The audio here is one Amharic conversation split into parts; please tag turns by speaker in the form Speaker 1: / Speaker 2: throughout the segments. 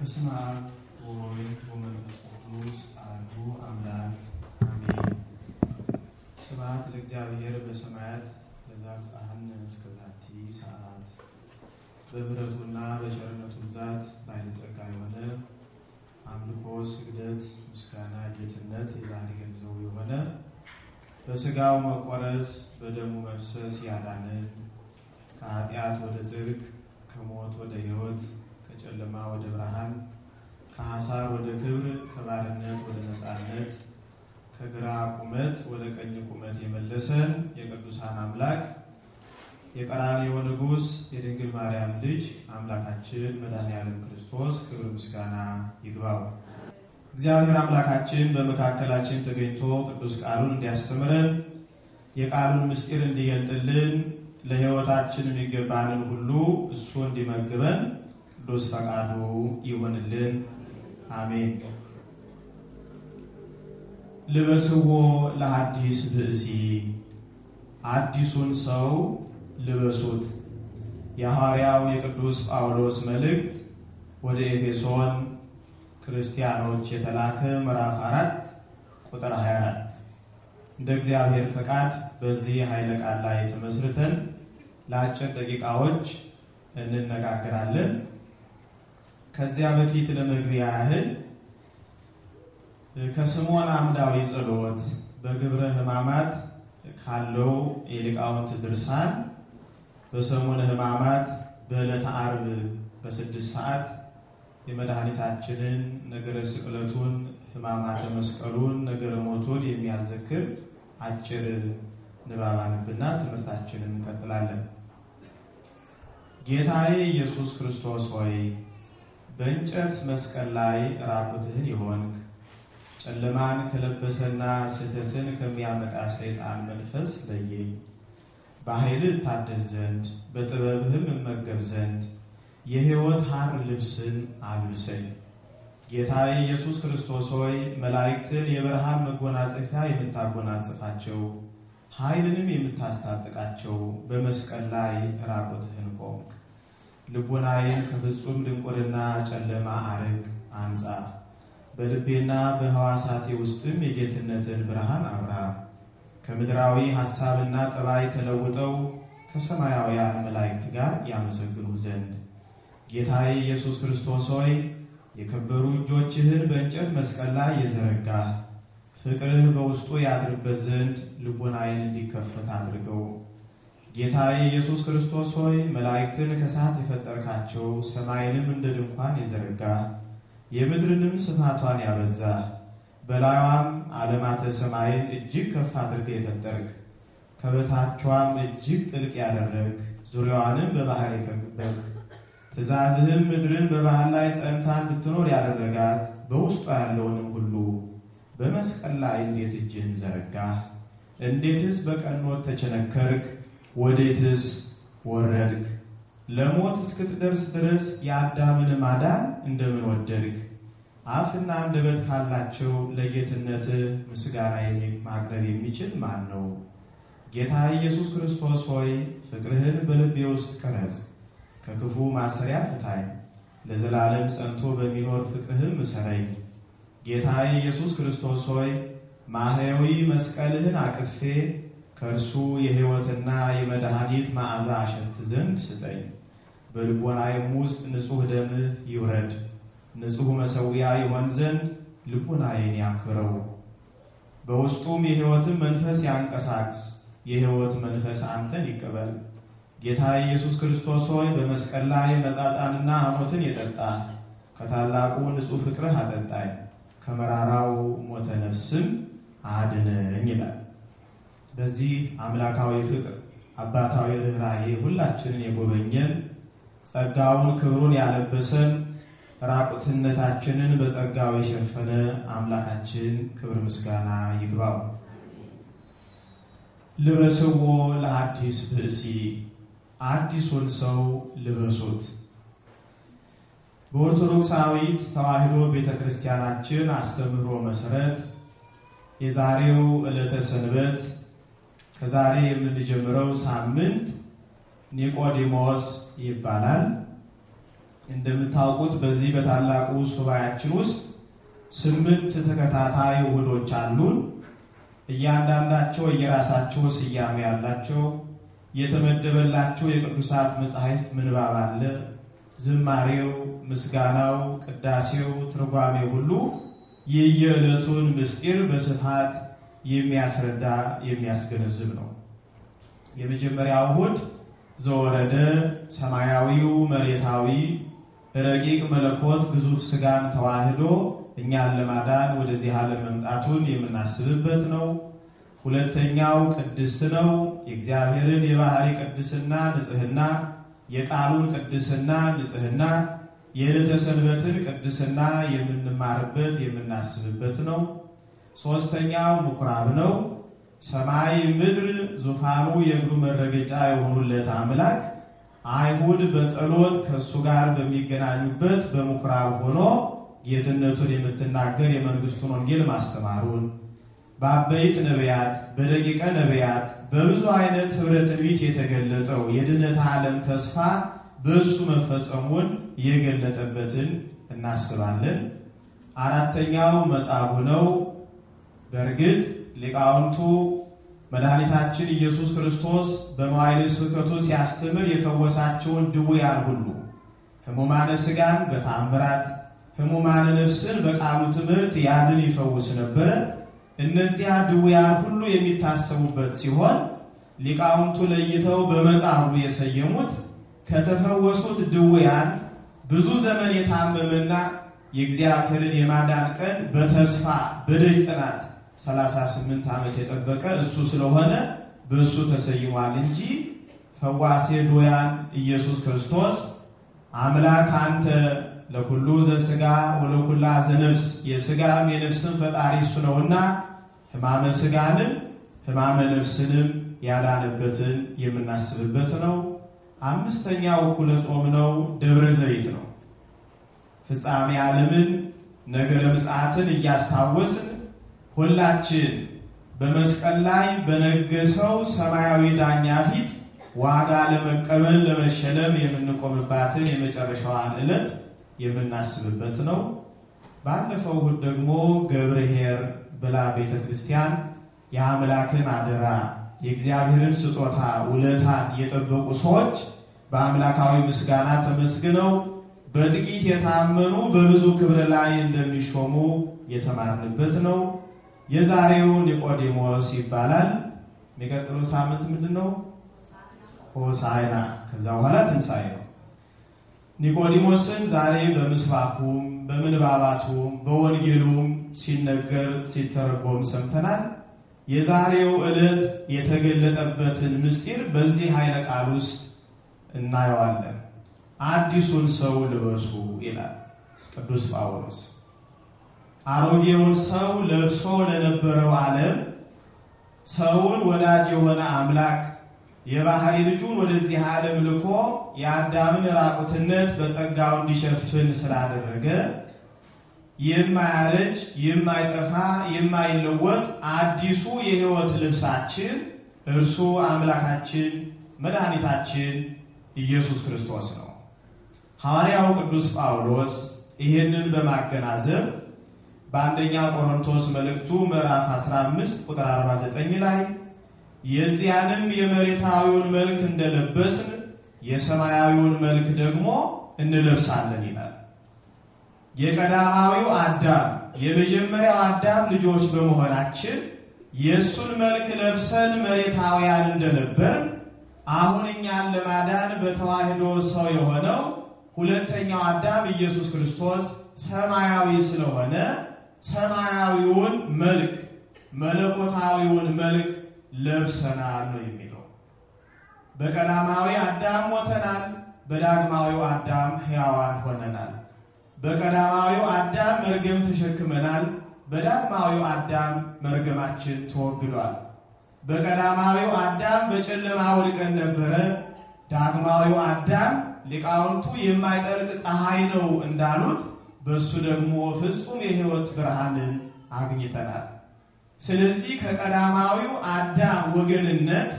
Speaker 1: በስመ አብ ወወልድ ወመንፈስ ቅዱስ አሐዱ አምላክ አሜን። ስብሐት ለእግዚአብሔር በሰማያት ለዘአብጽሐነ እስከ ዛቲ ሰዓት። በምሕረቱና በቸርነቱ ብዛት ባለጸጋ የሆነ አምልኮ፣ ስግደት፣ ምስጋና፣ ጌትነት የባህሪ ገንዘቡ የሆነ በስጋው መቆረስ በደሙ መፍሰስ ያዳነን ከኃጢአት ወደ ጽድቅ ከሞት ወደ ሕይወት ከጨለማ ወደ ብርሃን፣ ከሐሳር ወደ ክብር፣ ከባርነት ወደ ነፃነት፣ ከግራ ቁመት ወደ ቀኝ ቁመት የመለሰን የቅዱሳን አምላክ የቀራንዮ ንጉሥ የድንግል ማርያም ልጅ አምላካችን መድኃኔዓለም ክርስቶስ ክብር ምስጋና ይግባው። እግዚአብሔር አምላካችን በመካከላችን ተገኝቶ ቅዱስ ቃሉን እንዲያስተምረን የቃሉን ምስጢር እንዲገልጥልን ለሕይወታችን የሚገባንን ሁሉ እሱ እንዲመግበን ቅዱስ ፈቃዱ ይሆንልን፣ አሜን። ልበስዎ ለአዲስ ብእሲ፣ አዲሱን ሰው ልበሱት። የሐዋርያው የቅዱስ ጳውሎስ መልእክት ወደ ኤፌሶን ክርስቲያኖች የተላከ ምዕራፍ አራት ቁጥር 24 እንደ እግዚአብሔር ፈቃድ በዚህ ኃይለ ቃል ላይ ተመስርተን ለአጭር ደቂቃዎች እንነጋገራለን። ከዚያ በፊት ለመግቢያ ያህል ከስምዖን አምዳዊ ጸሎት በግብረ ሕማማት ካለው የሊቃውንት ድርሳን በሰሙነ ሕማማት በዕለተ ዓርብ በስድስት ሰዓት የመድኃኒታችንን ነገረ ስቅለቱን ሕማማተ መስቀሉን ነገረ ሞቱን የሚያዘክር አጭር ንባብ አነብና ትምህርታችንን እንቀጥላለን። ጌታዬ ኢየሱስ ክርስቶስ ሆይ በእንጨት መስቀል ላይ ራቁትህን የሆንክ ጨለማን ከለበሰና ስህተትን ከሚያመጣ ሰይጣን መንፈስ ለየኝ። በኃይልህ እታደስ ዘንድ በጥበብህም እመገብ ዘንድ የሕይወት ሐር ልብስን አልብሰኝ። ጌታ ኢየሱስ ክርስቶስ ሆይ መላእክትን የብርሃን መጎናጸፊያ የምታጎናጽፋቸው ኃይልንም የምታስታጥቃቸው በመስቀል ላይ ራቁትህን ቆምክ። ልቦናዬን ከፍጹም ድንቁርና ጨለማ አርቅ አንጻ። በልቤና በሕዋሳቴ ውስጥም የጌትነትን ብርሃን አብራ። ከምድራዊ ሐሳብና ጥባይ ተለውጠው ከሰማያውያን መላእክት ጋር ያመሰግኑ ዘንድ ጌታዬ ኢየሱስ ክርስቶስ ሆይ የከበሩ እጆችህን በእንጨት መስቀል ላይ የዘረጋህ ፍቅርህ በውስጡ ያድርበት ዘንድ ልቦናዬን እንዲከፈት አድርገው። ጌታ ኢየሱስ ክርስቶስ ሆይ መላእክትን ከሰዓት የፈጠርካቸው፣ ሰማይንም እንደ ድንኳን የዘረጋ የምድርንም ስፋቷን ያበዛ በላዩም ዓለማተ ሰማይን እጅግ ከፍ አድርገ የፈጠርክ ከበታቿም እጅግ ጥልቅ ያደረግ ዙሪያዋንም በባህር የከበብክ ትእዛዝህም ምድርን በባህር ላይ ጸንታ እንድትኖር ያደረጋት በውስጧ ያለውንም ሁሉ በመስቀል ላይ እንዴት እጅህን ዘረጋህ? እንዴትስ በቀኖት ተቸነከርክ? ወዴትስ ወረድክ? ለሞት እስክትደርስ ድረስ የአዳምን ማዳን እንደምን ወደድክ? አፍና አንደበት ካላቸው ለጌትነት ምስጋና ማቅረብ የሚችል ማን ነው? ጌታ ኢየሱስ ክርስቶስ ሆይ ፍቅርህን በልቤ ውስጥ ቀረጽ፣ ከክፉ ማሰሪያ ፍታኝ፣ ለዘላለም ጸንቶ በሚኖር ፍቅርህም እሰረኝ። ጌታ ኢየሱስ ክርስቶስ ሆይ ማህያዊ መስቀልህን አቅፌ ከእርሱ የሕይወትና የመድኃኒት መዓዛ አሸት ዘንድ ስጠኝ። በልቦናዬም ውስጥ ንጹሕ ደምህ ይውረድ። ንጹሕ መሠዊያ ይሆን ዘንድ ልቦናዬን ያክብረው። በውስጡም የሕይወትን መንፈስ ያንቀሳቅስ። የሕይወት መንፈስ አንተን ይቀበል። ጌታ ኢየሱስ ክርስቶስ ሆይ በመስቀል ላይ መጻጻንና ሐሞትን የጠጣ ከታላቁ ንጹሕ ፍቅርህ አጠጣኝ፣ ከመራራው ሞተ ነፍስም አድነኝ ይላል። በዚህ አምላካዊ ፍቅር አባታዊ ርኅራሄ ሁላችንን የጎበኘን ጸጋውን ክብሩን ያለበሰን ራቁትነታችንን በጸጋው የሸፈነ አምላካችን ክብር ምስጋና ይግባው። ልበስዎ ለአዲስ ብእሲ፣ አዲሱን ሰው ልበሱት። በኦርቶዶክሳዊት ተዋሕዶ ቤተ ክርስቲያናችን አስተምህሮ መሠረት የዛሬው ዕለተ ሰንበት ከዛሬ የምንጀምረው ሳምንት ኒቆዲሞስ ይባላል። እንደምታውቁት በዚህ በታላቁ ሱባያችን ውስጥ ስምንት ተከታታይ እሁዶች አሉን። እያንዳንዳቸው የራሳቸው ስያሜ ያላቸው የተመደበላቸው የቅዱሳት መጻሕፍት ምንባብ አለ። ዝማሬው፣ ምስጋናው፣ ቅዳሴው፣ ትርጓሜው ሁሉ የየዕለቱን ምስጢር በስፋት የሚያስረዳ የሚያስገነዝብ ነው። የመጀመሪያው እሑድ ዘወረደ ሰማያዊው መሬታዊ ረቂቅ መለኮት ግዙፍ ስጋን ተዋህዶ እኛን ለማዳን ወደዚህ ዓለም መምጣቱን የምናስብበት ነው። ሁለተኛው ቅድስት ነው። የእግዚአብሔርን የባህሪ ቅድስና ንጽህና፣ የቃሉን ቅድስና ንጽህና፣ የዕለተ ሰንበትን ቅድስና የምንማርበት የምናስብበት ነው። ሶስተኛው ምኩራብ ነው። ሰማይ ምድር ዙፋኑ የእግሩ መረገጫ የሆኑለት አምላክ አይሁድ በጸሎት ከእሱ ጋር በሚገናኙበት በምኩራብ ሆኖ ጌትነቱን የምትናገር የመንግስቱን ወንጌል ማስተማሩን በአበይት ነቢያት፣ በደቂቀ ነቢያት በብዙ አይነት ህብረ ትንቢት የተገለጠው የድነት ዓለም ተስፋ በእሱ መፈጸሙን የገለጠበትን እናስባለን። አራተኛው መጻጉዕ ነው። በእርግጥ ሊቃውንቱ መድኃኒታችን ኢየሱስ ክርስቶስ በመዋዕለ ስብከቱ ሲያስተምር የፈወሳቸውን ድውያን ሁሉ ሕሙማነ ሥጋን በታምራት ሕሙማነ ነፍስን በቃሉ ትምህርት ያድን ይፈውስ ነበረ። እነዚያ ድውያን ሁሉ የሚታሰቡበት ሲሆን ሊቃውንቱ ለይተው በመጻሕፍቱ የሰየሙት ከተፈወሱት ድውያን ብዙ ዘመን የታመመና የእግዚአብሔርን የማዳን ቀን በተስፋ በደጅ ጥናት 38 ዓመት የጠበቀ እሱ ስለሆነ በእሱ ተሰይሟል እንጂ ፈዋሴ ዶያን ኢየሱስ ክርስቶስ አምላክ አንተ ለኩሉ ዘስጋ ወለኩላ ዘነፍስ የሥጋም የነፍስን ፈጣሪ እሱ ነውና ህማመ ስጋንም ህማመ ነፍስንም ያዳነበትን የምናስብበት ነው። አምስተኛው እኩለ ጾም ነው፣ ደብረ ዘይት ነው። ፍጻሜ ዓለምን ነገረ ምጽአትን እያስታወስን ሁላችን በመስቀል ላይ በነገሰው ሰማያዊ ዳኛ ፊት ዋጋ ለመቀበል ለመሸለም የምንቆምባትን የመጨረሻዋን ዕለት የምናስብበት ነው። ባለፈው እሑድ ደግሞ ገብርሄር ብላ ቤተ ክርስቲያን የአምላክን አደራ የእግዚአብሔርን ስጦታ ውለታን የጠበቁ ሰዎች በአምላካዊ ምስጋና ተመስግነው በጥቂት የታመኑ በብዙ ክብር ላይ እንደሚሾሙ የተማርንበት ነው። የዛሬው ኒቆዲሞስ ይባላል። የሚቀጥለው ሳምንት ምንድን ነው? ሆሳይና። ከዛ በኋላ ትንሣኤ ነው። ኒቆዲሞስን ዛሬ በምስባኩም በምንባባቱም በወንጌሉም ሲነገር ሲተረጎም ሰምተናል። የዛሬው ዕለት የተገለጠበትን ምስጢር በዚህ ኃይለ ቃል ውስጥ እናየዋለን። አዲሱን ሰው ልበሱ ይላል ቅዱስ ጳውሎስ። አሮጌውን ሰው ለብሶ ለነበረው ዓለም ሰውን ወዳጅ የሆነ አምላክ የባህሪ ልጁን ወደዚህ ዓለም ልኮ የአዳምን ራቁትነት በጸጋው እንዲሸፍን ስላደረገ የማያረጅ የማይጠፋ የማይለወጥ አዲሱ የሕይወት ልብሳችን እርሱ አምላካችን መድኃኒታችን ኢየሱስ ክርስቶስ ነው። ሐዋርያው ቅዱስ ጳውሎስ ይህንን በማገናዘብ በአንደኛ ቆሮንቶስ መልእክቱ ምዕራፍ 15 ቁጥር 49 ላይ የዚያንም የመሬታዊውን መልክ እንደለበስን የሰማያዊውን መልክ ደግሞ እንለብሳለን ይላል። የቀዳማዊው አዳም የመጀመሪያው አዳም ልጆች በመሆናችን የእሱን መልክ ለብሰን መሬታውያን እንደነበር አሁን እኛን ለማዳን በተዋህዶ ሰው የሆነው ሁለተኛው አዳም ኢየሱስ ክርስቶስ ሰማያዊ ስለሆነ ሰማያዊውን መልክ መለኮታዊውን መልክ ለብሰናል ነው የሚለው። በቀዳማዊ አዳም ሞተናል፣ በዳግማዊው አዳም ሕያዋን ሆነናል። በቀዳማዊው አዳም መርገም ተሸክመናል፣ በዳግማዊው አዳም መርገማችን ተወግዷል። በቀዳማዊው አዳም በጨለማ ወድቀን ነበረ። ዳግማዊው አዳም ሊቃውንቱ የማይጠልቅ ፀሐይ ነው እንዳሉት በእሱ ደግሞ ፍጹም የሕይወት ብርሃንን አግኝተናል። ስለዚህ ከቀዳማዊው አዳም ወገንነት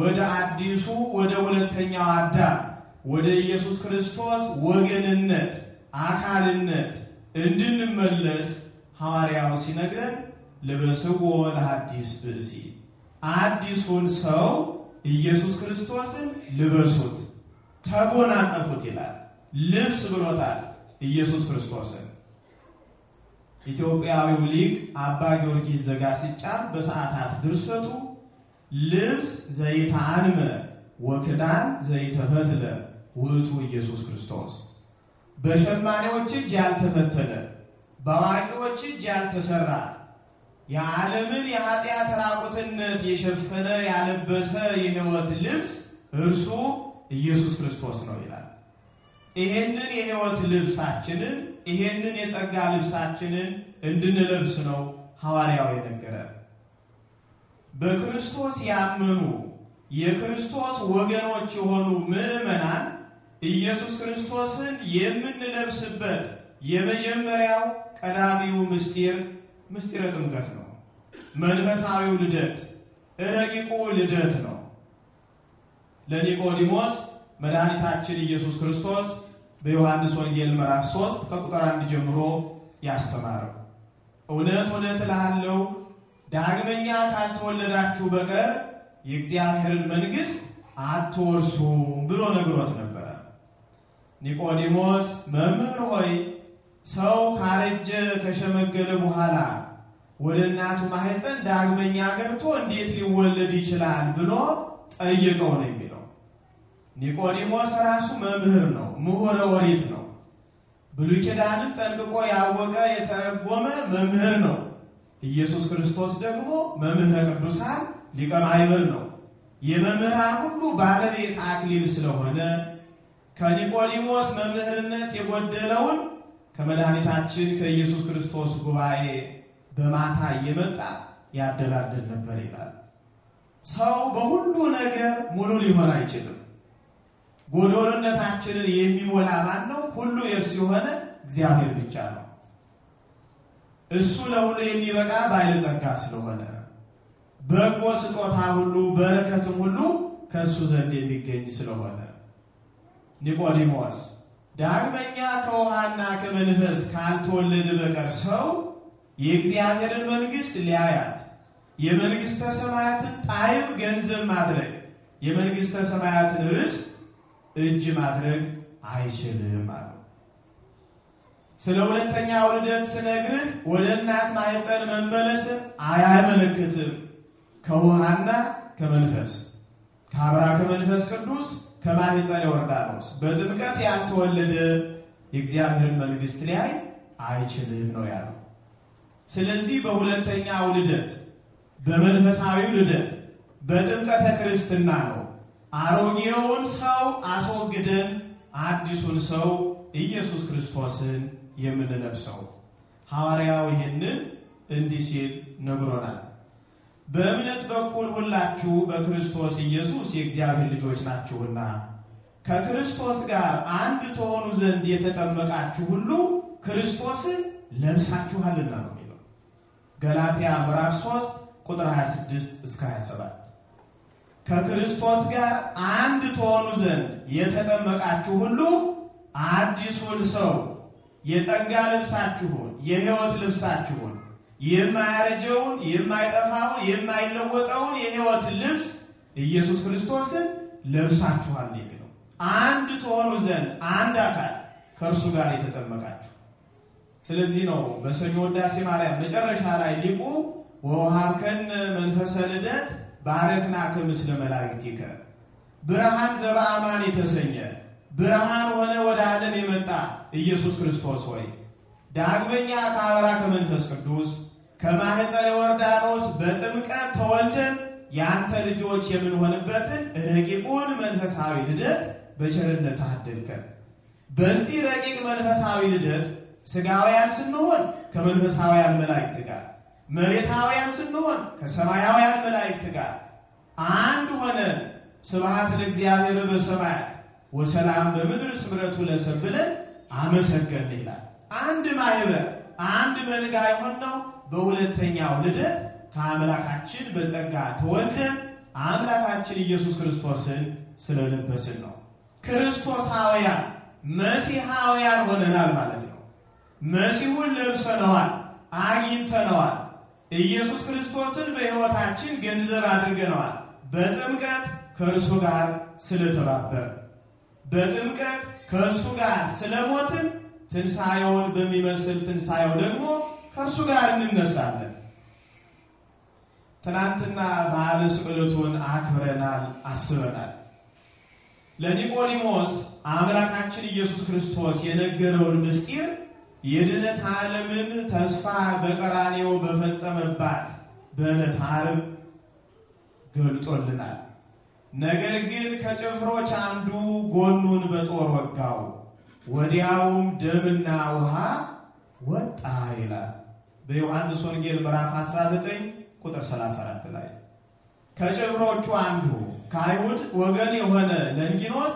Speaker 1: ወደ አዲሱ ወደ ሁለተኛው አዳም ወደ ኢየሱስ ክርስቶስ ወገንነት አካልነት እንድንመለስ ሐዋርያው ሲነግረን ለበስጎ ለአዲስ ብእሲ አዲሱን ሰው ኢየሱስ ክርስቶስን ልበሱት፣ ተጎናጸፉት ይላል። ልብስ ብሎታል። ኢየሱስ ክርስቶስን ኢትዮጵያዊው ሊቅ አባ ጊዮርጊስ ዘጋስጫ በሰዓታት ድርሰቱ ልብስ ዘይተአንመ ወክዳን ዘይተፈትለ ውእቱ ኢየሱስ ክርስቶስ በሸማኔዎች እጅ ያልተፈተለ በአዋቂዎች እጅ ያልተሰራ የዓለምን የኃጢአት ራቁትነት የሸፈነ ያለበሰ የሕይወት ልብስ እርሱ ኢየሱስ ክርስቶስ ነው ይላል። ይሄንን የህይወት ልብሳችንን ይሄንን የጸጋ ልብሳችንን እንድንለብስ ነው ሐዋርያው የነገረ። በክርስቶስ ያመኑ የክርስቶስ ወገኖች የሆኑ ምዕመናን ኢየሱስ ክርስቶስን የምንለብስበት የመጀመሪያው ቀዳሚው ምስጢር ምስጢረ ጥምቀት ነው። መንፈሳዊው ልደት ረቂቁ ልደት ነው። ለኒቆዲሞስ መድኃኒታችን ኢየሱስ ክርስቶስ በዮሐንስ ወንጌል ምዕራፍ 3 ከቁጥር 1 ጀምሮ ያስተማረው። እውነት እውነት እልሃለሁ ዳግመኛ ካልተወለዳችሁ በቀር የእግዚአብሔርን መንግሥት አትወርሱም ብሎ ነግሮት ነበረ። ኒቆዲሞስ መምህር ሆይ ሰው ካረጀ ከሸመገለ በኋላ ወደ እናቱ ማህፀን ዳግመኛ ገብቶ እንዴት ሊወለድ ይችላል ብሎ ጠየቀው ነው የሚለው። ኒቆዲሞስ ራሱ መምህር ነው፣ ምሁረ ወሪት ነው። ብሉይ ኪዳንን ጠንቅቆ ያወቀ የተረጎመ መምህር ነው። ኢየሱስ ክርስቶስ ደግሞ መምህረ ቅዱሳን ሊቀ ማኅበር ነው። የመምህራን ሁሉ ባለቤት አክሊል ስለሆነ ከኒቆዲሞስ መምህርነት የጎደለውን ከመድኃኒታችን ከኢየሱስ ክርስቶስ ጉባኤ በማታ እየመጣ ያደላድል ነበር ይላል። ሰው በሁሉ ነገር ሙሉ ሊሆን አይችልም። ጎዶርነታችንን የሚሞላ ማን ነው? ሁሉ የእርሱ የሆነ እግዚአብሔር ብቻ ነው። እሱ ለሁሉ የሚበቃ ባለጸጋ ስለሆነ በጎ ስጦታ ሁሉ በረከትም ሁሉ ከእሱ ዘንድ የሚገኝ ስለሆነ ኒቆዲሞስ ዳግመኛ ከውሃና ከመንፈስ ካልተወለደ በቀር ሰው የእግዚአብሔርን መንግሥት ሊያያት የመንግሥተ ሰማያትን ጣዕም ገንዘብ ማድረግ የመንግሥተ ሰማያትን ርስት እጅ ማድረግ አይችልም አለ። ስለ ሁለተኛ ውልደት ስነግርህ ወደ እናት ማህፀን መመለስን አያመለክትም። ከውሃና ከመንፈስ ከአብራ ከመንፈስ ቅዱስ ከማህፀን ዮርዳኖስ በጥምቀት ያልተወለደ የእግዚአብሔርን መንግሥት ሊያይ አይችልም ነው ያለው። ስለዚህ በሁለተኛ ውልደት በመንፈሳዊ ውልደት በጥምቀተ ክርስትና ነው አሮጌውን ሰው አስወግደን አዲሱን ሰው ኢየሱስ ክርስቶስን የምንለብሰው። ሐዋርያው ይህንን እንዲህ ሲል ነግሮናል። በእምነት በኩል ሁላችሁ በክርስቶስ ኢየሱስ የእግዚአብሔር ልጆች ናችሁና ከክርስቶስ ጋር አንድ ተሆኑ ዘንድ የተጠመቃችሁ ሁሉ ክርስቶስን ለብሳችኋልና ነው የሚለው። ገላትያ ምዕራፍ 3 ቁጥር 26 እስከ 27 ከክርስቶስ ጋር አንድ ትሆኑ ዘንድ የተጠመቃችሁ ሁሉ አዲሱን ሰው የጸጋ ልብሳችሁን የሕይወት ልብሳችሁን የማያረጀውን የማይጠፋውን የማይለወጠውን የሕይወት ልብስ ኢየሱስ ክርስቶስን ለብሳችኋል የሚለው አንድ ትሆኑ ዘንድ አንድ አካል ከእርሱ ጋር የተጠመቃችሁ። ስለዚህ ነው በሰኞ ወዳሴ ማርያም መጨረሻ ላይ ሊቁ ወውሃብከን መንፈሰ ልደት ባረክና ክምስለ መላእክቲከ ብርሃን ዘበአማን የተሰኘ ብርሃን ሆነ ወደ ዓለም የመጣ ኢየሱስ ክርስቶስ ሆይ ዳግመኛ ከአበራ ከመንፈስ ቅዱስ ከማህፀነ ዮርዳኖስ በጥምቀት ተወልደን የአንተ ልጆች የምንሆንበትን ረቂቁን መንፈሳዊ ልደት በቸርነት አደልከን። በዚህ ረቂቅ መንፈሳዊ ልደት ስጋውያን ስንሆን ከመንፈሳውያን መላእክት ጋር መሬታውያን ስንሆን ከሰማያውያን መላእክት ጋር አንድ ሆነ ስብሐት ለእግዚአብሔር በሰማያት ወሰላም በምድር ስምረቱ ለሰብ ብለን አመሰገን ይላል። አንድ ማህበር አንድ መንጋ የሆነው በሁለተኛው ልደት ከአምላካችን በጸጋ ተወልደን አምላካችን ኢየሱስ ክርስቶስን ስለለበስን ነው። ክርስቶሳውያን መሲሐውያን ሆነናል ማለት ነው። መሲሁን ለብሰነዋል፣ አግኝተነዋል። ኢየሱስ ክርስቶስን በሕይወታችን ገንዘብ አድርገነዋል። በጥምቀት ከእርሱ ጋር ስለተባበር፣ በጥምቀት ከእርሱ ጋር ስለሞትን፣ ትንሣኤውን በሚመስል ትንሣኤው ደግሞ ከእርሱ ጋር እንነሳለን። ትናንትና በዓለ ስቅለቱን አክብረናል፣ አስበናል። ለኒቆዲሞስ አምላካችን ኢየሱስ ክርስቶስ የነገረውን ምስጢር የድነት ዓለምን ተስፋ በቀራኔው በፈጸመባት በዕለት ዓርብ ገልጦልናል። ነገር ግን ከጭፍሮች አንዱ ጎኑን በጦር ወጋው፣ ወዲያውም ደምና ውሃ ወጣ ይላል በዮሐንስ ወንጌል ምዕራፍ 19 ቁጥር 34 ላይ ከጭፍሮቹ አንዱ ከአይሁድ ወገን የሆነ ለንጊኖስ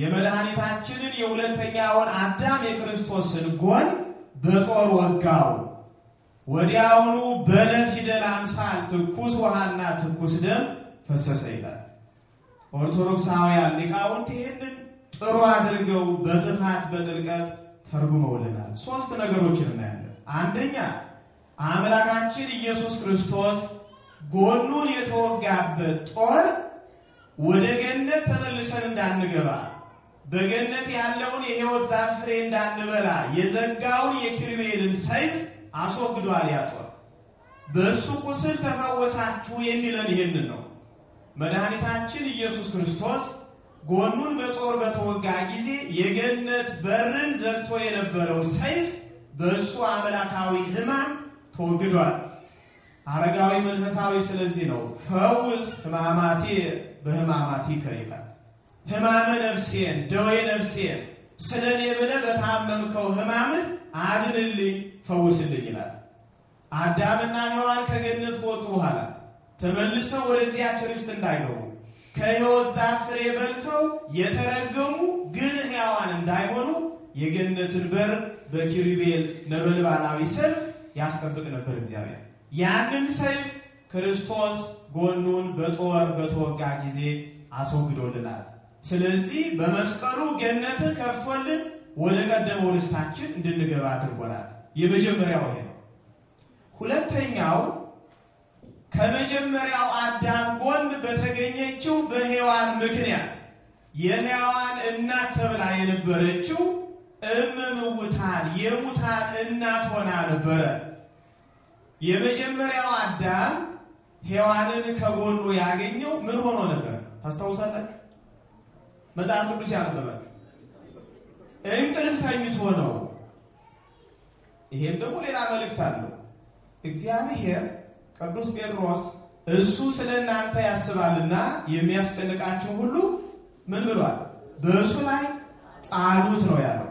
Speaker 2: የመድኃኒታችንን
Speaker 1: የሁለተኛውን አዳም የክርስቶስን ጎን በጦር ወጋው። ወዲያውኑ በለ ፊደል አምሳል ትኩስ ውሃና ትኩስ ደም ፈሰሰ ይላል። ኦርቶዶክሳውያን ሊቃውንት ይህንን ጥሩ አድርገው በስፋት በጥልቀት ተርጉመውልናል። ሶስት ነገሮችን እናያለን። አንደኛ አምላካችን ኢየሱስ ክርስቶስ ጎኑን የተወጋበት ጦር ወደ ገነት ተመልሰን እንዳንገባ በገነት ያለውን የሕይወት ዛፍ ፍሬ እንዳንበላ የዘጋውን የኪሩቤልን ሰይፍ አስወግዷል። ያጧል በእሱ ቁስል ተፈወሳችሁ የሚለን ይህንን ነው። መድኃኒታችን ኢየሱስ ክርስቶስ ጎኑን በጦር በተወጋ ጊዜ የገነት በርን ዘግቶ የነበረው ሰይፍ በእሱ አምላካዊ ሕማም ተወግዷል። አረጋዊ መንፈሳዊ ስለዚህ ነው ፈውስ ሕማማቴ በህማማቴ ይላል። ህማመ ነፍሴን ደዌ ነፍሴን ስለ እኔ ብለህ በታመምከው ህማምህ አድንልኝ፣ ፈውስልኝ ይላል። አዳምና ሔዋን ከገነት ከወጡ በኋላ ተመልሰው ወደዚያች ርስት እንዳይገቡ ከሕይወት ዛፍ ፍሬ በልተው የተረገሙ ግን ሕያዋን እንዳይሆኑ የገነትን በር በኪሩቤል ነበልባላዊ ሰልፍ ያስጠብቅ ነበር እግዚአብሔር። ያንን ሰይፍ ክርስቶስ ጎኑን በጦር በተወጋ ጊዜ አስወግዶልናል። ስለዚህ በመስቀሉ ገነትን ከፍቶልን ወደ ቀደመው ርስታችን እንድንገባ አድርጎናል። የመጀመሪያው ይሄ ነው። ሁለተኛው ከመጀመሪያው አዳም ጎን በተገኘችው በሔዋን ምክንያት የሔዋን እናት ተብላ የነበረችው እመምውታን የሙታን እናት ሆና ነበረ። የመጀመሪያው አዳም ሔዋንን ከጎኑ ያገኘው ምን ሆኖ ነበር? ታስታውሳላችሁ? መጽሐፍ ቅዱስ ያነበባል እንቅልፍ ተኝቶ ነው። ይሄም ደግሞ ሌላ መልእክት አለው። እግዚአብሔር ቅዱስ ጴጥሮስ እሱ ስለ እናንተ ያስባልና የሚያስጨንቃችሁ ሁሉ ምን ብሏል? በእሱ ላይ ጣሉት ነው ያለው።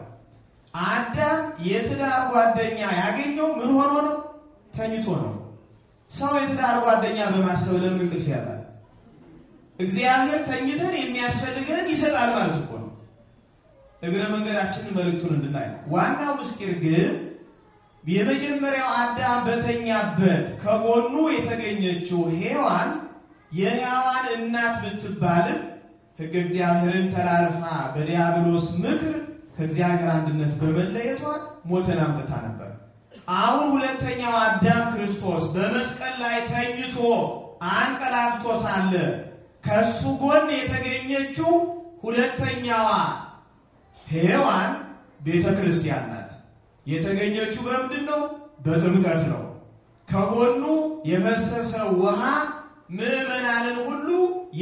Speaker 1: አዳም የትዳር ጓደኛ ያገኘው ምን ሆኖ ነው? ተኝቶ ነው። ሰው የትዳር ጓደኛ በማሰብ ለምን እንቅልፍ ያጣል? እግዚአብሔር ተኝተን የሚያስፈልገን ይሰጣል ማለት እኮ ነው። እግረ መንገዳችንን መልእክቱን እንድናይ ዋናው ምስጢር ግን የመጀመሪያው አዳም በተኛበት ከጎኑ የተገኘችው ሔዋን የሕያዋን እናት ብትባልም ሕገ እግዚአብሔርን ተላልፋ በዲያብሎስ ምክር ከእግዚአብሔር አንድነት በመለየቷ ሞትን አምጥታ ነበር። አሁን ሁለተኛው አዳም ክርስቶስ በመስቀል ላይ ተኝቶ አንቀላፍቶ ሳለ ከእሱ ጎን የተገኘችው ሁለተኛዋ ሔዋን ቤተ ክርስቲያን ናት። የተገኘችው በምንድን ነው? በጥምቀት ነው። ከጎኑ የፈሰሰ ውሃ ምዕመናንን ሁሉ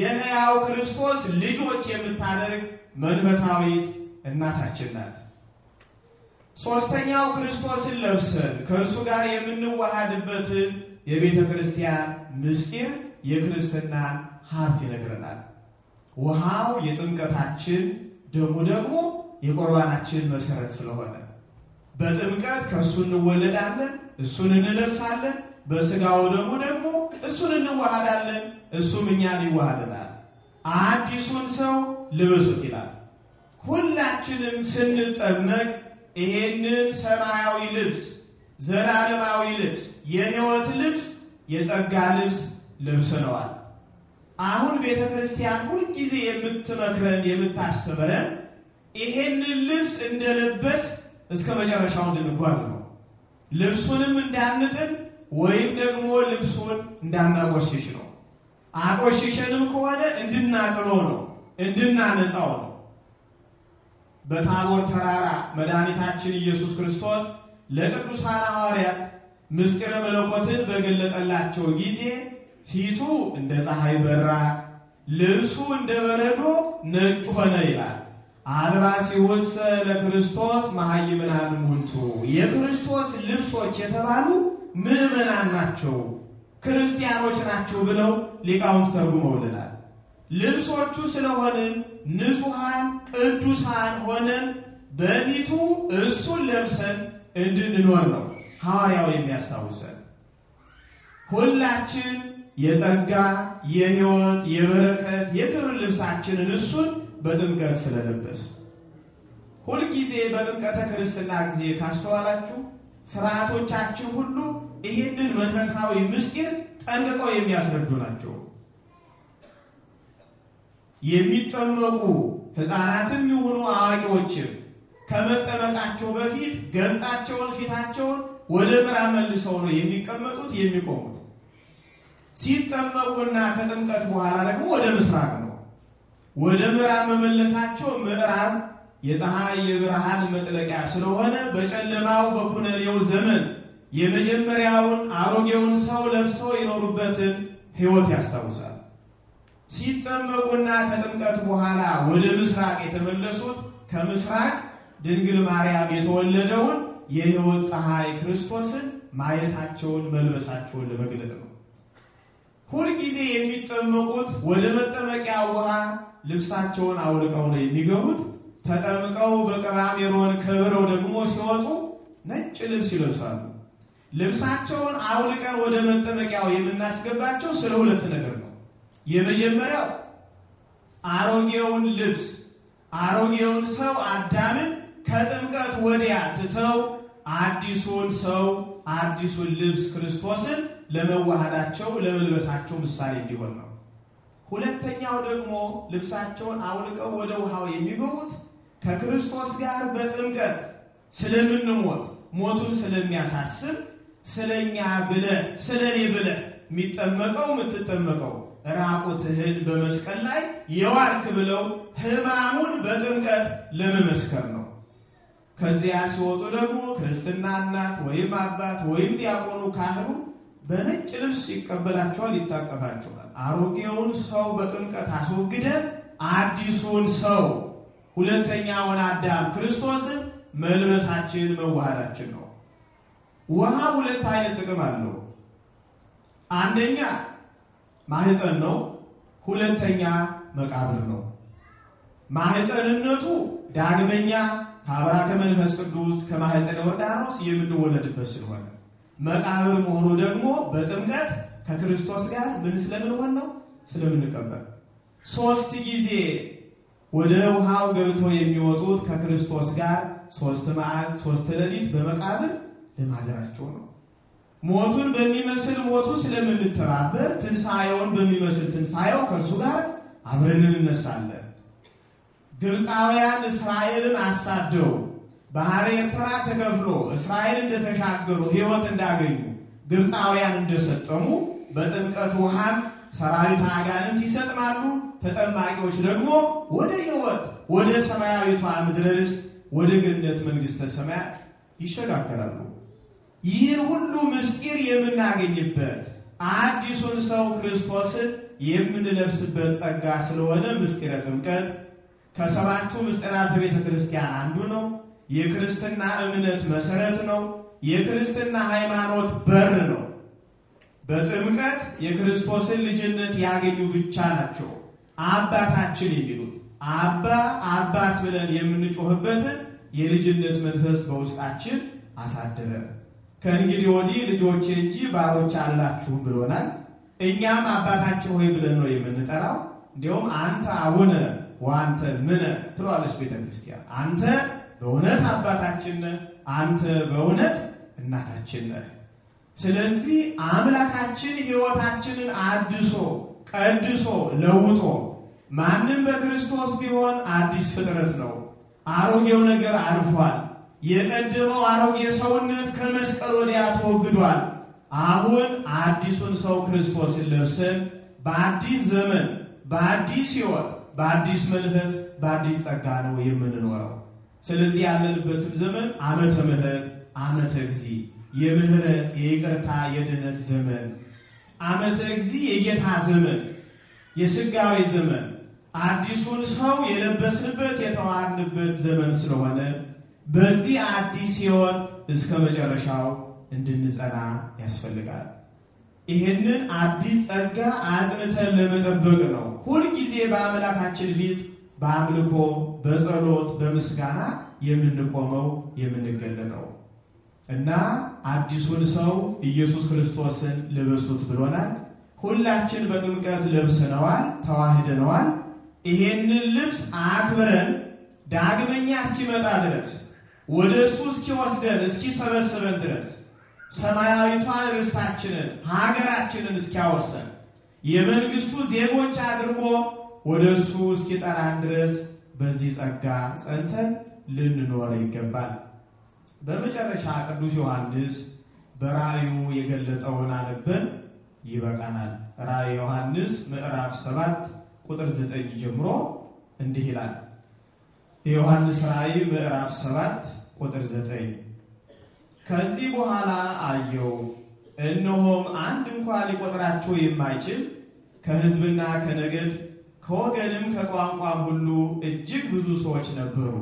Speaker 1: የሕያው ክርስቶስ ልጆች የምታደርግ መንፈሳዊ እናታችን ናት። ሦስተኛው ክርስቶስን ለብሰን ከእርሱ ጋር የምንዋሃድበትን የቤተ ክርስቲያን ምስጢር የክርስትና ሀብት ይነግረናል። ውሃው የጥምቀታችን ደሙ ደግሞ የቁርባናችን መሰረት ስለሆነ በጥምቀት ከእሱ እንወለዳለን፣ እሱን እንለብሳለን። በስጋው ደግሞ ደግሞ እሱን እንዋሃዳለን፣ እሱም እኛን ይዋሃደናል። አዲሱን ሰው ልበሱት ይላል። ሁላችንም ስንጠመቅ ይሄንን ሰማያዊ ልብስ፣ ዘላለማዊ ልብስ፣ የህይወት ልብስ፣ የጸጋ ልብስ ለብሰነዋል። አሁን ቤተ ክርስቲያን ሁልጊዜ የምትመክረን የምታስተምረን ይሄንን ልብስ እንደለበስ እስከ መጨረሻው እንድንጓዝ ነው። ልብሱንም እንዳንጥን ወይም ደግሞ ልብሱን እንዳናቆሽሽ ነው። አቆሽሸንም ከሆነ እንድናጥሎ ነው፣ እንድናነጻው ነው። በታቦር ተራራ መድኃኒታችን ኢየሱስ ክርስቶስ ለቅዱሳን ሐዋርያት ምስጢረ መለኮትን በገለጠላቸው ጊዜ ፊቱ እንደ ፀሐይ በራ፣ ልብሱ እንደ በረዶ ነጭ ሆነ ይላል። አልባ ሲወሰ ለክርስቶስ መሐይምናን ሙንቱ የክርስቶስ ልብሶች የተባሉ ምዕመናን ናቸው፣ ክርስቲያኖች ናቸው ብለው ሊቃውንት ተርጉመውልናል። ልብሶቹ ስለሆንን ንጹሐን ቅዱሳን ሆነን በፊቱ እሱን ለብሰን እንድንኖር ነው ሐዋርያው የሚያስታውሰን ሁላችን የጸጋ የህይወት የበረከት የክብር ልብሳችንን እሱን በጥምቀት ስለለበስ ሁልጊዜ በጥምቀተ ክርስትና ጊዜ ካስተዋላችሁ ስርዓቶቻችን ሁሉ ይህንን መንፈሳዊ ምስጢር ጠንቅቀው የሚያስረዱ ናቸው። የሚጠመቁ ህፃናትም የሆኑ አዋቂዎችም ከመጠመቃቸው በፊት ገጻቸውን ፊታቸውን ወደ ግራ መልሰው ነው የሚቀመጡት የሚቆሙት። ሲጠመቁና ከጥምቀት በኋላ ደግሞ ወደ ምስራቅ ነው። ወደ ምዕራብ መመለሳቸው ምዕራብ የፀሐይ የብርሃን መጥለቂያ ስለሆነ በጨለማው በኩነኔው ዘመን የመጀመሪያውን አሮጌውን ሰው ለብሶ የኖሩበትን ሕይወት ያስታውሳል። ሲጠመቁና ከጥምቀት በኋላ ወደ ምስራቅ የተመለሱት ከምስራቅ ድንግል ማርያም የተወለደውን የሕይወት ፀሐይ ክርስቶስን ማየታቸውን መልበሳቸውን ለመግለጥ ነው። ሁልጊዜ የሚጠመቁት ወደ መጠመቂያ ውሃ ልብሳቸውን አውልቀው ነው የሚገቡት። ተጠምቀው በቅብዓ ከብረው ደግሞ ሲወጡ ነጭ ልብስ ይለብሳሉ። ልብሳቸውን አውልቀን ወደ መጠመቂያው የምናስገባቸው ስለ ሁለት ነገር ነው። የመጀመሪያው አሮጌውን ልብስ አሮጌውን ሰው አዳምን ከጥምቀት ወዲያ ትተው አዲሱን ሰው አዲሱን ልብስ ክርስቶስን ለመዋሃዳቸው ለመልበሳቸው ምሳሌ እንዲሆን ነው። ሁለተኛው ደግሞ ልብሳቸውን አውልቀው ወደ ውሃው የሚገቡት ከክርስቶስ ጋር በጥምቀት ስለምንሞት ሞቱን ስለሚያሳስብ ስለኛ ብለ ስለኔ ብለ የሚጠመቀው የምትጠመቀው ራቁትህን በመስቀል ላይ የዋልክ ብለው ሕማሙን በጥምቀት ለመመስከር ነው። ከዚያ ሲወጡ ደግሞ ክርስትና እናት ወይም አባት ወይም ዲያቆኑ ካህኑ በነጭ ልብስ ይቀበላቸዋል፣ ይታቀፋቸዋል። አሮጌውን ሰው በጥምቀት አስወግደን አዲሱን ሰው ሁለተኛውን አዳም ክርስቶስን መልበሳችን መዋሃዳችን ነው። ውሃ ሁለት አይነት ጥቅም አለው። አንደኛ ማህፀን ነው፣ ሁለተኛ መቃብር ነው። ማህፀንነቱ ዳግመኛ ታበራ ከመንፈስ ቅዱስ ከማኅፀነ ዮርዳኖስ የምንወለድበት ስለሆነ መቃብር መሆኑ ደግሞ በጥምቀት ከክርስቶስ ጋር ምን ስለምንሆን ነው ስለምንቀበል ሶስት ጊዜ ወደ ውሃው ገብቶ የሚወጡት ከክርስቶስ ጋር ሶስት መዓልት ሶስት ሌሊት በመቃብር ልማዳቸው ነው። ሞቱን በሚመስል ሞቱ ስለምንተባበር፣ ትንሣኤውን በሚመስል ትንሣኤው ከእርሱ ጋር አብረን እንነሳለን። ግብፃውያን እስራኤልን አሳደው ባህረ ኤርትራ ተከፍሎ እስራኤል እንደተሻገሩ ሕይወት እንዳገኙ ግብፃውያን እንደሰጠሙ በጥምቀት ውሃን ሰራዊት አጋንንት ይሰጥማሉ። ተጠማቂዎች ደግሞ ወደ ሕይወት ወደ ሰማያዊቷ ምድረ ርስት ወደ ገነት መንግሥተ ሰማያት ይሸጋገራሉ። ይህን ሁሉ ምስጢር የምናገኝበት አዲሱን ሰው ክርስቶስን የምንለብስበት ጸጋ ስለሆነ ምስጢረ ጥምቀት ከሰባቱ ምስጢራተ ቤተ ክርስቲያን አንዱ ነው። የክርስትና እምነት መሰረት ነው። የክርስትና ሃይማኖት በር ነው። በጥምቀት የክርስቶስን ልጅነት ያገኙ ብቻ ናቸው አባታችን የሚሉት አባ አባት ብለን የምንጮህበትን የልጅነት መንፈስ በውስጣችን አሳደረ። ከእንግዲህ ወዲህ ልጆች እንጂ ባሮች አላችሁም ብሎናል። እኛም አባታችን ሆይ ብለን ነው የምንጠራው። እንዲሁም አንተ አቡነ ወአንተ ምነ ትለዋለች ቤተ ክርስቲያን። አንተ በእውነት አባታችን ነህ፣ አንተ በእውነት እናታችን ነህ። ስለዚህ አምላካችን ሕይወታችንን አድሶ ቀድሶ ለውጦ ማንም በክርስቶስ ቢሆን አዲስ ፍጥረት ነው። አሮጌው ነገር አርፏል የቀደመው አሮጌ ሰውነት ከመስቀል ወዲያ ተወግዷል። አሁን አዲሱን ሰው ክርስቶስን ለብሰን በአዲስ ዘመን በአዲስ ሕይወት በአዲስ መንፈስ በአዲስ ጸጋ ነው የምንኖረው። ስለዚህ ያለንበትም ዘመን ዓመተ ምሕረት ዓመተ እግዚ የምህረት የይቅርታ የድህነት ዘመን ዓመተ እግዚ የጌታ ዘመን የስጋዊ ዘመን አዲሱን ሰው የለበስንበት የተዋርንበት ዘመን ስለሆነ በዚህ አዲስ ሕይወት እስከ መጨረሻው እንድንጸና ያስፈልጋል። ይህንን አዲስ ጸጋ አጽንተን ለመጠበቅ ነው። ሁልጊዜ በአምላካችን ፊት በአምልኮ፣ በጸሎት፣ በምስጋና የምንቆመው የምንገለጠው እና አዲሱን ሰው ኢየሱስ ክርስቶስን ልበሱት ብሎናል። ሁላችን በጥምቀት ለብሰነዋል፣ ተዋህደነዋል። ይሄንን ልብስ አክብረን ዳግመኛ እስኪመጣ ድረስ ወደ እሱ እስኪወስደን እስኪሰበስበን ድረስ ሰማያዊቷ ርስታችንን ሀገራችንን እስኪያወርሰን የመንግስቱ ዜጎች አድርጎ ወደ እርሱ እስኪጠራን ድረስ በዚህ ጸጋ ጸንተን ልንኖር ይገባል። በመጨረሻ ቅዱስ ዮሐንስ በራእዩ የገለጠውን አነበን ይበቃናል። ራእይ ዮሐንስ ምዕራፍ 7 ቁጥር 9 ጀምሮ እንዲህ ይላል። የዮሐንስ ራእይ ምዕራፍ 7 ቁጥር 9 ከዚህ በኋላ አየው፣ እነሆም አንድ እንኳ ሊቆጥራቸው የማይችል ከሕዝብና ከነገድ ከወገንም ከቋንቋም ሁሉ እጅግ ብዙ ሰዎች ነበሩ።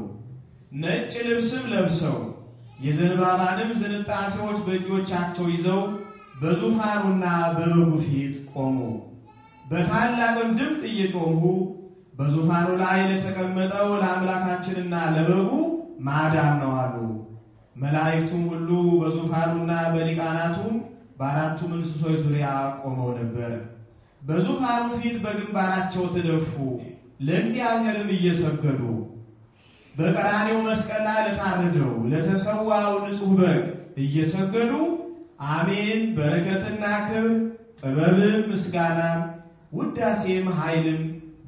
Speaker 1: ነጭ ልብስም ለብሰው የዘንባባንም ዝንጣፊዎች በእጆቻቸው ይዘው በዙፋኑና በበጉ ፊት ቆሙ። በታላቅም ድምፅ እየጮሁ በዙፋኑ ላይ ለተቀመጠው ለአምላካችንና ለበጉ ማዳን ነው አሉ። መላእክቱም ሁሉ በዙፋኑና በሊቃናቱ በአራቱ እንስሶች ዙሪያ ቆመው ነበር። በዙፋኑ ፊት በግንባራቸው ተደፉ፣ ለእግዚአብሔርም እየሰገዱ በቀራኔው መስቀላ ለታረደው ለተሰዋው ንጹሕ በግ እየሰገዱ አሜን፣ በረከትና ክብር፣ ጥበብም፣ ምስጋናም፣ ውዳሴም፣ ኃይልም፣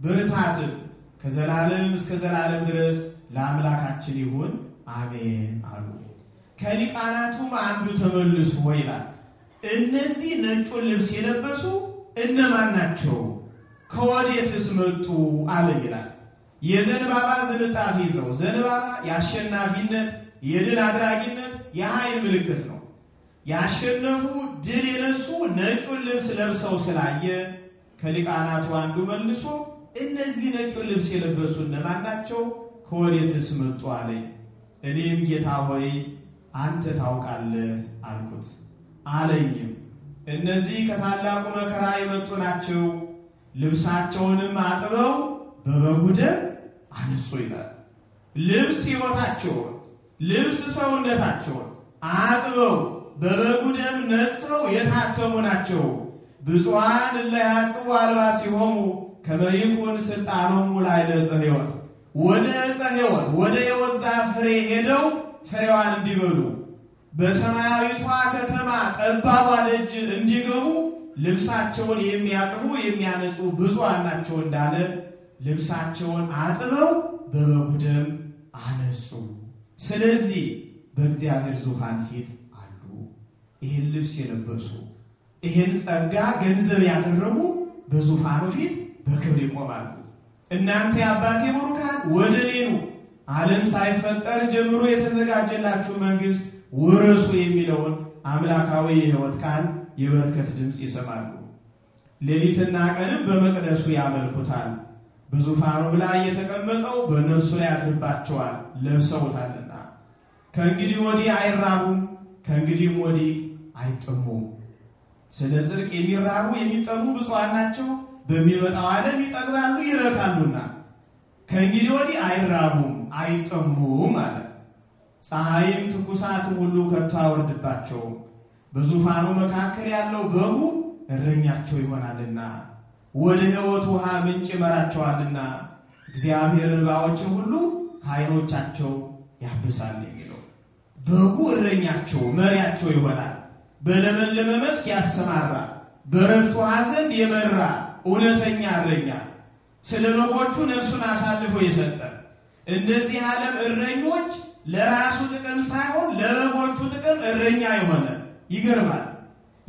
Speaker 1: ብርታትም ከዘላለም እስከ ዘላለም ድረስ ለአምላካችን ይሁን አሜን አሉ። ከሊቃናቱም አንዱ ተመልሶ ይላል እነዚህ ነጩን ልብስ የለበሱ እነማን ናቸው? ከወዴትስ መጡ? አለ ይላል። የዘንባባ ዝንጣፊ ይዘው ዘንባባ የአሸናፊነት የድል አድራጊነት የኃይል ምልክት ነው። ያሸነፉ ድል የነሱ ነጩን ልብስ ለብሰው ስላየ ከሊቃናቱ አንዱ መልሶ እነዚህ ነጩን ልብስ የለበሱ እነማን ናቸው? ከወዴትስ መጡ? አለኝ። እኔም ጌታ ሆይ አንተ ታውቃለህ አልኩት አለኝም። እነዚህ ከታላቁ መከራ የመጡ ናቸው፣ ልብሳቸውንም አጥበው በበጉ ደም አነጹ ይላል። ልብስ ሕይወታቸውን ልብስ ሰውነታቸውን አጥበው በበጉ ደም ነጽረው የታተሙ ናቸው። ብፁዓን እለ ያጽቡ ሲሆኑ ከመ ይኩን ስልጣኖሙ ላይ ዕፀ ሕይወት ወደ ዕፀ ሕይወት ወደ ሕይወት ዛፍ ፍሬ ሄደው ፍሬዋን እንዲበሉ በሰማያዊቷ ከተማ ጠባቧ ደጅ እንዲገቡ ልብሳቸውን የሚያጥቡ የሚያነጹ ብፁዓን ናቸው እንዳለ ልብሳቸውን አጥበው በበጉ ደም አነጹ። ስለዚህ በእግዚአብሔር ዙፋን ፊት አሉ። ይህን ልብስ የለበሱ ይህን ጸጋ ገንዘብ ያደረጉ በዙፋኑ ፊት በክብር ይቆማሉ። እናንተ የአባቴ ቡሩካን ወደ እኔ ኑ ዓለም ሳይፈጠር ጀምሮ የተዘጋጀላችሁ መንግሥት ውረሱ የሚለውን አምላካዊ የሕይወት ቃል የበረከት ድምፅ ይሰማሉ። ሌሊትና ቀንም በመቅደሱ ያመልኩታል። በዙፋኑ ላይ የተቀመጠው በነፍሱ ላይ አድርባቸዋል፣ ለብሰውታልና። ከእንግዲህ ወዲህ አይራቡም፣ ከእንግዲህም ወዲህ አይጠሙም። ስለ ጽድቅ የሚራቡ የሚጠሙ ብፁዓን ናቸው፣ በሚመጣው ዓለም ይጠግባሉ፣ ይረካሉና። ከእንግዲህ ወዲህ አይራቡም አይጠሙም አለ። ፀሐይም ትኩሳት ሁሉ ከቶ አይወርድባቸውም፣ በዙፋኑ መካከል ያለው በጉ እረኛቸው ይሆናልና ወደ ሕይወት ውሃ ምንጭ ይመራቸዋልና እግዚአብሔር እባዎችን ሁሉ ከዓይኖቻቸው ያብሳል የሚለው በጉ እረኛቸው መሪያቸው ይሆናል። በለመለመ መስክ ያሰማራ፣ በረፍት ውሃ ዘንድ የመራ እውነተኛ እረኛ ስለ በጎቹ ነፍሱን አሳልፎ የሰጠ እነዚህ ዓለም እረኞች ለራሱ ጥቅም ሳይሆን ለበጎቹ ጥቅም እረኛ የሆነ ይገርማል።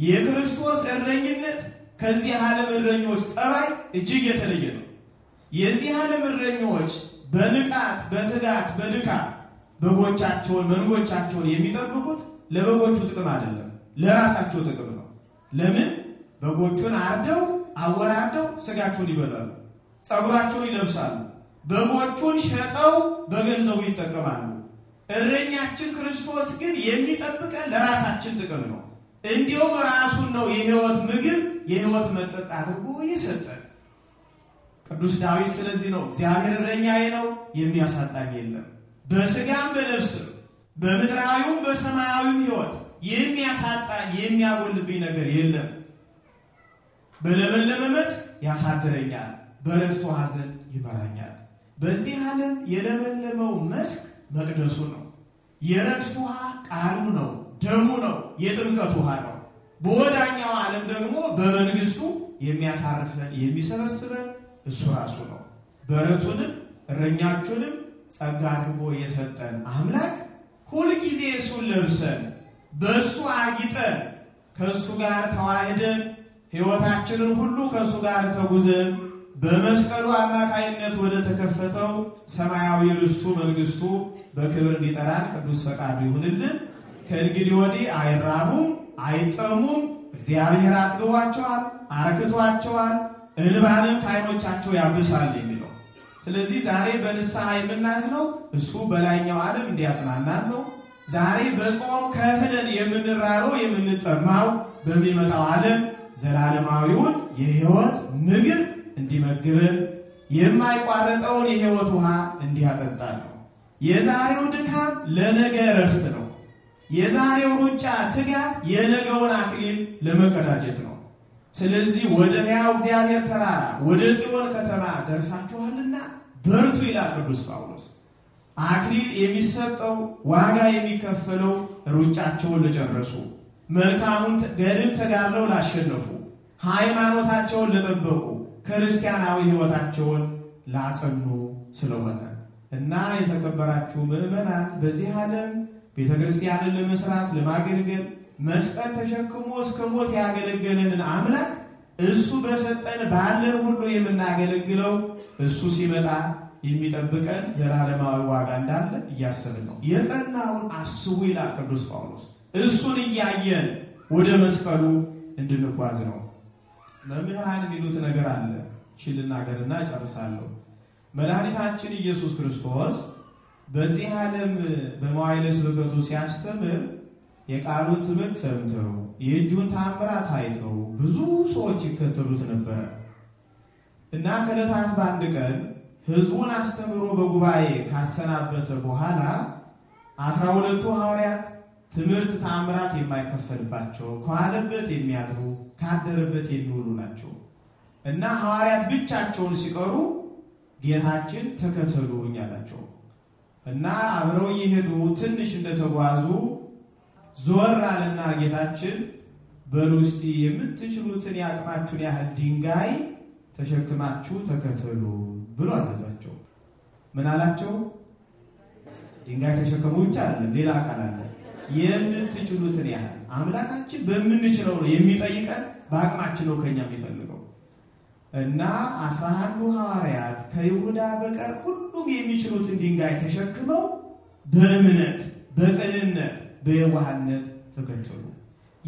Speaker 1: የክርስቶስ እረኝነት ከዚህ ዓለም እረኞች ጠባይ እጅግ የተለየ ነው። የዚህ ዓለም እረኞች በንቃት፣ በትጋት፣ በድካም በጎቻቸውን መንጎቻቸውን የሚጠብቁት ለበጎቹ ጥቅም አይደለም፣ ለራሳቸው ጥቅም ነው። ለምን? በጎቹን አርደው አወራደው ስጋቸውን ይበላሉ፣ ጸጉራቸውን ይለብሳሉ በጎቹን ሸጠው በገንዘቡ ይጠቀማሉ። እረኛችን ክርስቶስ ግን የሚጠብቀን ለራሳችን ጥቅም ነው። እንዲሁም ራሱን ነው የህይወት ምግብ የህይወት መጠጥ አድርጎ የሰጠን ቅዱስ ዳዊት። ስለዚህ ነው እግዚአብሔር እረኛዬ ነው የሚያሳጣኝ የለም፣ በስጋም በነፍስም በምድራዊም በሰማያዊም ሕይወት የሚያሳጣኝ የሚያጎልብኝ ነገር የለም። በለመለመ መስክ ያሳድረኛል፣ በዕረፍቱ ሐዘን ይመራኛል። በዚህ ዓለም የለመለመው መስክ መቅደሱ ነው። የረፍት ውሃ ቃሉ ነው፣ ደሙ ነው፣ የጥምቀት ውሃ ነው። በወዳኛው ዓለም ደግሞ በመንግስቱ የሚያሳርፈን የሚሰበስበን እሱ ራሱ ነው። በረቱንም እረኛችንም ጸጋ አድርጎ የሰጠን አምላክ ሁልጊዜ እሱን ለብሰን በእሱ አጊጠን ከእሱ ጋር ተዋህደን ሕይወታችንን ሁሉ ከእሱ ጋር ተጉዘን በመስቀሉ አማካይነት ወደ ተከፈተው ሰማያዊ ርስቱ መንግስቱ በክብር እንዲጠራን ቅዱስ ፈቃዱ ይሁንልን። ከእንግዲህ ወዲህ አይራቡም፣ አይጠሙም። እግዚአብሔር አጥግቧቸዋል፣ አርክቷቸዋል፣ እንባንም ከዓይኖቻቸው ያብሳል የሚለው ስለዚህ ዛሬ በንስሐ የምናዝነው እሱ በላይኛው ዓለም እንዲያጽናናን ነው። ዛሬ በጾም ከህደን የምንራረው የምንጠማው በሚመጣው ዓለም ዘላለማዊውን የህይወት ምግብ እንዲመግብን የማይቋረጠውን የሕይወት ውሃ እንዲያጠጣ ነው። የዛሬው ድካም ለነገ እረፍት ነው። የዛሬው ሩጫ ትጋት የነገውን አክሊል ለመቀዳጀት ነው። ስለዚህ ወደ ሕያው እግዚአብሔር ተራራ ወደ ጽዮን ከተማ ደርሳችኋልና በርቱ ይላል ቅዱስ ጳውሎስ። አክሊል የሚሰጠው ዋጋ የሚከፈለው ሩጫቸውን ለጨረሱ፣ መልካሙን ገድል ተጋድለው ላሸነፉ፣ ሃይማኖታቸውን ለጠበቁ ክርስቲያናዊ ሕይወታቸውን ላጸኑ ስለሆነ እና የተከበራችሁ ምዕመናን በዚህ ዓለም ቤተ ክርስቲያንን ለመስራት ለማገልገል መስቀል ተሸክሞ እስከ ሞት ያገለገለንን አምላክ እሱ በሰጠን ባለን ሁሉ የምናገለግለው እሱ ሲመጣ የሚጠብቀን ዘላለማዊ ዋጋ እንዳለ እያሰብን ነው። የጸናውን አስቡ ይላል ቅዱስ ጳውሎስ። እሱን እያየን ወደ መስቀሉ እንድንጓዝ ነው። መምህራን የሚሉት ነገር አለ። ችል ልናገርና እጨርሳለሁ። መድኃኒታችን ኢየሱስ ክርስቶስ በዚህ ዓለም በመዋዕለ ስብከቱ ሲያስተምር የቃሉን ትምህርት ሰምተው የእጁን ታምራት አይተው ብዙ ሰዎች ይከተሉት ነበረ እና ከዕለታት በአንድ ቀን ሕዝቡን አስተምሮ በጉባኤ ካሰናበተ በኋላ አስራ ሁለቱ ሐዋርያት ትምህርት ተአምራት የማይከፈልባቸው ከዋለበት የሚያድሩ ካደረበት የሚውሉ ናቸው እና ሐዋርያት ብቻቸውን ሲቀሩ ጌታችን ተከተሉኝ አላቸው እና አብረው እየሄዱ ትንሽ እንደተጓዙ ዞር አለና ጌታችን በሉ እስቲ የምትችሉትን የአቅማችሁን ያህል ድንጋይ ተሸክማችሁ ተከተሉ ብሎ አዘዛቸው። ምን አላቸው? ድንጋይ ተሸከሙ ብቻ አይደለም፣ ሌላ አካል አለ። የምትችሉትን ያህል አምላካችን በምንችለው ነው የሚጠይቀን፣ በአቅማችን ነው ከኛ የሚፈልገው እና አስራ አንዱ ሐዋርያት ከይሁዳ በቀር ሁሉም የሚችሉትን ድንጋይ ተሸክመው በእምነት በቅንነት በየዋህነት ተከተሉ።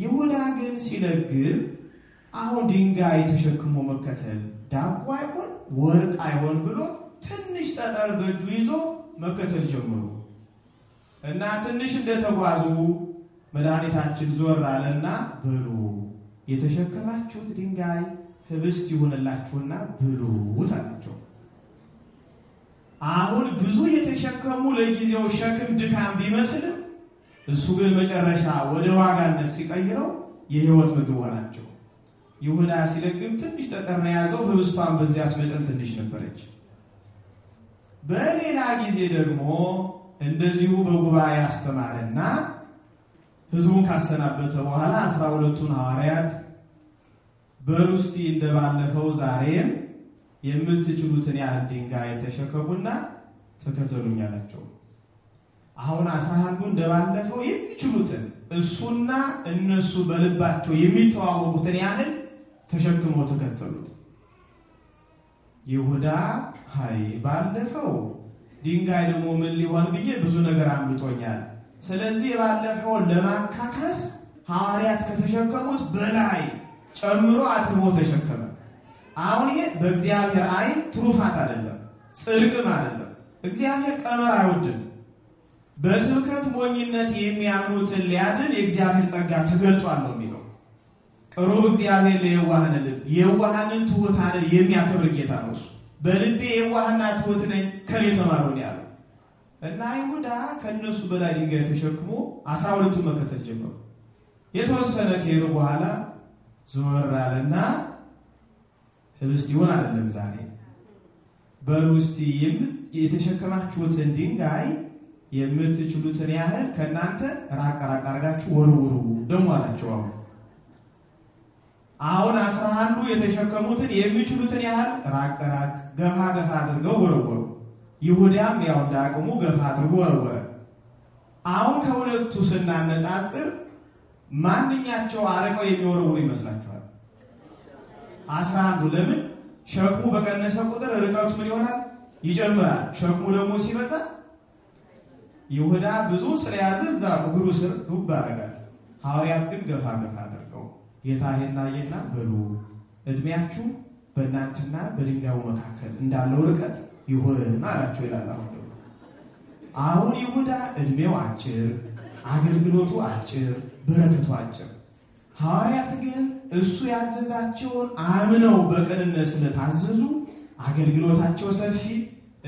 Speaker 1: ይሁዳ ግን ሲለግም አሁን ድንጋይ ተሸክሞ መከተል ዳቦ አይሆን ወርቅ አይሆን ብሎ ትንሽ ጠጠር በእጁ ይዞ መከተል ጀመሩ። እና ትንሽ እንደተጓዙ መድኃኒታችን ዞር አለና ብሉ፣ የተሸከማችሁት ድንጋይ ህብስት ይሁንላችሁና ብሉት አላቸው። አሁን ብዙ የተሸከሙ ለጊዜው ሸክም ድካም ቢመስልም እሱ ግን መጨረሻ ወደ ዋጋነት ሲቀይረው የህይወት ምግብ ሆናቸው። ይሁዳ ሲለግም ትንሽ ጠጠር የያዘው። ህብስቷን በዚያች መጠን ትንሽ ነበረች። በሌላ ጊዜ ደግሞ እንደዚሁ በጉባኤ አስተማረና ህዝቡን ካሰናበተ በኋላ አስራ ሁለቱን ሐዋርያት በሩስቲ እንደባለፈው ዛሬም የምትችሉትን ያህል ድንጋይ ተሸከሙና ተከተሉኝ አላቸው። አሁን አስራ አንዱ እንደባለፈው የሚችሉትን እሱና እነሱ በልባቸው የሚተዋወቁትን ያህል ተሸክመው ተከተሉት። ይሁዳ ሀይ ባለፈው ድንጋይ ደግሞ ምን ሊሆን ብዬ ብዙ ነገር አምልጦኛል። ስለዚህ የባለፈውን ለማካከስ ሐዋርያት ከተሸከሙት በላይ ጨምሮ አትርቦ ተሸከመ። አሁን ይሄ በእግዚአብሔር አይን ትሩፋት አይደለም፣ ጽድቅም አይደለም። እግዚአብሔር ቀመር አይወድም። በስብከት ሞኝነት የሚያምኑትን ሊያድን የእግዚአብሔር ጸጋ ተገልጧል ነው የሚለው። ቅሩብ እግዚአብሔር ለየዋህን ልብ የዋህንን ትሑታንን የሚያከብር ጌታ ነው እሱ በልቤ የዋህና ትወት ነኝ ከኔ ተማሩን ያሉ እና አይሁዳ ከእነሱ በላይ ድንጋይ ተሸክሞ አስራ ሁለቱን መከተል ጀመሩ። የተወሰነ ከሄዱ በኋላ ዞር አለና ህብስት ይሆን አይደለም ዛሬ በሉ እስቲ የተሸከማችሁትን ድንጋይ የምትችሉትን ያህል ከእናንተ ራቅ ራቅ አርጋችሁ ወርውሩ ደግሞ አላቸው አሁን አሁን አስራ አንዱ የተሸከሙትን የሚችሉትን ያህል ራቅ ራቅ ገፋ ገፋ አድርገው ወረወሩ። ይሁዳም ያው እንደ አቅሙ ገፋ አድርጎ ወረወረ። አሁን ከሁለቱ ስናነጻጽር ማንኛቸው አርቀው የሚወረውሩ ይመስላችኋል? አስራ አንዱ ለምን? ሸክሙ በቀነሰ ቁጥር ርቀቱ ምን ይሆናል? ይጨምራል። ሸክሙ ደግሞ ሲበዛ ይሁዳ ብዙ ስለያዘ እዛ እግሩ ስር ዱብ አረጋት። ሐዋርያት ግን ገፋ ገፋ አድርገው ጌታ ይህን አየና በሉ እድሜያችሁ በእናንተና በድንጋዩ መካከል እንዳለው ርቀት ይሁን አላቸው ይላል። አሁን አሁን ይሁዳ እድሜው አጭር፣ አገልግሎቱ አጭር፣ በረከቱ አጭር። ሐዋርያት ግን እሱ ያዘዛቸውን አምነው በቅንነት ስለታዘዙ አገልግሎታቸው ሰፊ፣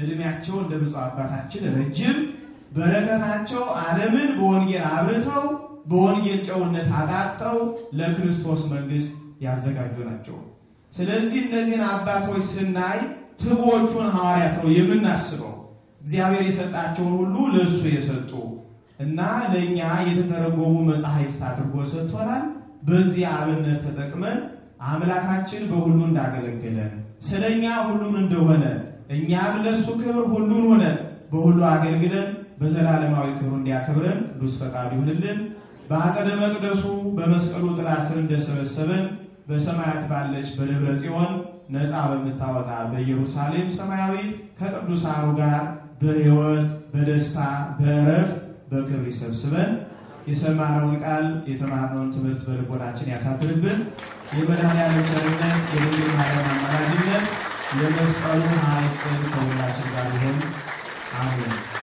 Speaker 1: እድሜያቸው እንደ ብፁዕ አባታችን ረጅም፣ በረከታቸው ዓለምን በወንጌል አብርተው በወንጌል ጨውነት አጣጥተው ለክርስቶስ መንግስት ያዘጋጁ ናቸው። ስለዚህ እነዚህን አባቶች ስናይ ትቦቹን ሐዋርያት ነው የምናስበው። እግዚአብሔር የሰጣቸውን ሁሉ ለእሱ የሰጡ እና ለእኛ የተተረጎሙ መጽሐፍ አድርጎ ሰጥቶናል። በዚህ አብነት ተጠቅመን አምላካችን በሁሉ እንዳገለገለን ስለ እኛ ሁሉን እንደሆነ እኛም ለእሱ ክብር ሁሉን ሆነ በሁሉ አገልግለን በዘላለማዊ ክብሩ እንዲያከብረን ቅዱስ ፈቃዱ ይሁንልን። በአጸደ መቅደሱ በመስቀሉ ጥላ ስር እንደሰበሰበን በሰማያት ባለች በደብረ ጽዮን ነፃ በምታወጣ በኢየሩሳሌም ሰማያዊት ከቅዱሳኑ ጋር በሕይወት በደስታ በእረፍት በክብር ይሰብስበን። የሰማነውን ቃል የተማርነውን ትምህርት በልቦናችን ያሳድርብን። የመድኃኔዓለም ቸርነት፣ የድንግል ማርያም አማላጅነት፣ የመስቀሉ ኃይል ከሁላችን ጋር ይሁን። አሜን።